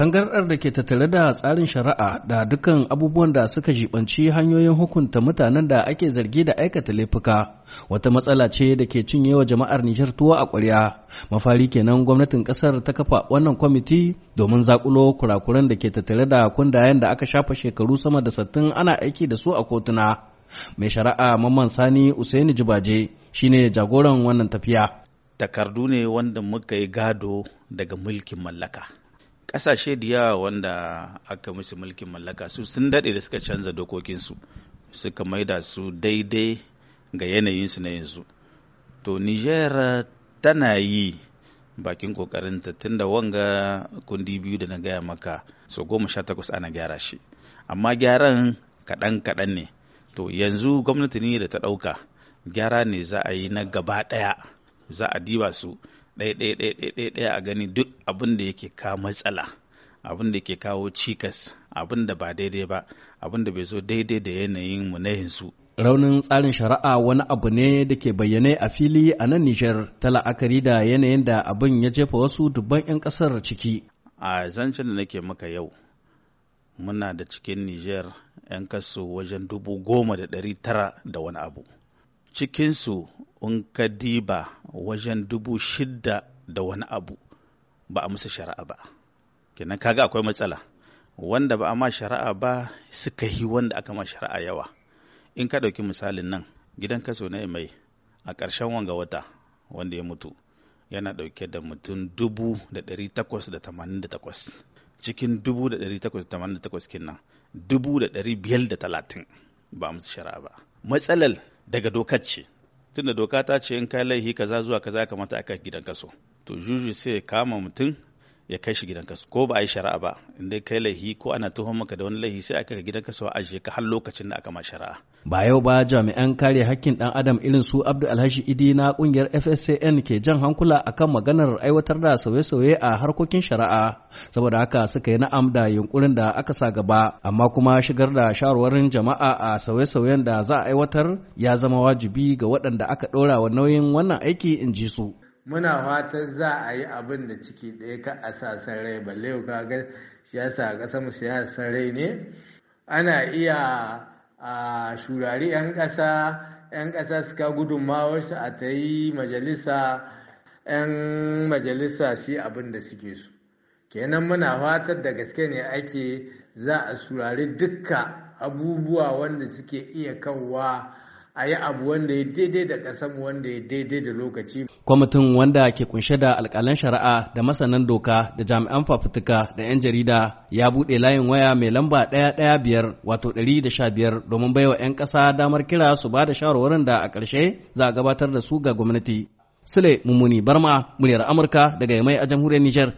Tangarɗar da ke tattare da tsarin shari'a da dukkan abubuwan da suka jibanci hanyoyin hukunta mutanen da ake zargi da aikata laifuka wata matsala ce da ke cinye wa jama'ar Nijar tuwo a ƙwarya. Mafari kenan gwamnatin ƙasar ta kafa wannan kwamiti domin zakulo kurakuran da ke tattare da kundayen da aka shafa shekaru sama da sattin ana aiki da su a kotuna. Mai shari'a Mamman Sani Usaini Jibaje shine jagoran wannan tafiya. Takardu ne wanda muka yi gado daga mulkin mallaka. kasashe da yawa wanda aka musu mulkin mallaka su sun daɗe da suka canza dokokinsu suka maida su daidai ga yanayinsu na yanzu to niger tana yi bakin tun da wanga kundi biyu da na gaya maka so goma sha takwas ana gyara shi amma gyaran kaɗan kaɗan ne to yanzu gwamnati ne da ta ɗauka gyara ne za a yi na gaba ɗaya za a diba su ɗaya a gani duk abin da yake kawo matsala abin da yake kawo cikas abin da ba daidai ba abin da bai zo daidai da yanayin mu na yanzu raunin tsarin shari'a wani abu ne da ke bayyane a fili a nan Nijar ta la'akari da yanayin da abin ya jefa wasu dubban 'yan kasar ciki. A zancen da nake maka yau, muna da cikin Nijar 'yan kasu wajen dubu goma da ɗari tara da wani abu. Cikinsu in ka diba wajen dubu shidda da wani abu ba a musu shari'a ba kenan kaga akwai matsala wanda ba a ma shari'a ba suka yi wanda aka ma shari'a yawa in ka ɗauki misalin nan gidan kaso na mai a ƙarshen wanga wata wanda ya mutu yana ɗauke da mutum dubu da ɗari takwas da tamanin da takwas cikin dubu da ɗari takwas da tamanin da takwas kinnan dubu da ɗari biyar da talatin ba a musu shari'a ba matsalar daga dokar ce tunda doka ta ce in kai laihi kaza zuwa kaza kamata aka gidan kaso to juju sai kama mutum ya kai shi gidan kasu ko ba a yi shari'a ba in dai kai laihi ko ana tuhon maka da wani laihi sai aka ga gidan kasu a ajiye ka har lokacin da aka ma shari'a ba yau ba jami'an kare hakkin dan adam irin su Abdu Alhaji Idi na kungiyar fsan ke jan hankula akan maganar aiwatar da sauye-sauye a harkokin shari'a saboda haka suka yi na'am da yunkurin da aka sa gaba amma kuma shigar da shawarwarin jama'a a sauye-sauyen da za a aiwatar ya zama wajibi ga waɗanda aka ɗora wa nauyin wannan aiki in ji su muna fatan za a yi abin da ciki ɗaya ka a sa rai balle ka ga siyasa a ƙasa mu siyasa rai ne ana iya a shurari 'yan ƙasa 'yan ƙasa suka gudunmawarsu a ta yi majalisa 'yan majalisa shi abin da suke su kenan muna fatar da gaske ne ake za a surari duka abubuwa wanda suke iya kawwa a yi abu wanda ya daidai da ƙasarmu wanda ya daidai da lokaci. Kwamitin wanda ke kunshe da alƙalan shari'a da masanan doka da jami'an fafutuka da 'yan jarida ya buɗe layin waya mai lamba ɗaya ɗaya biyar wato ɗari da sha biyar domin baiwa 'yan ƙasa damar kira su ba da shawarwarin da a ƙarshe za a gabatar da su ga gwamnati. Sule Mummuni Barma, muryar Amurka daga Yamai a jamhuriyar Nijar.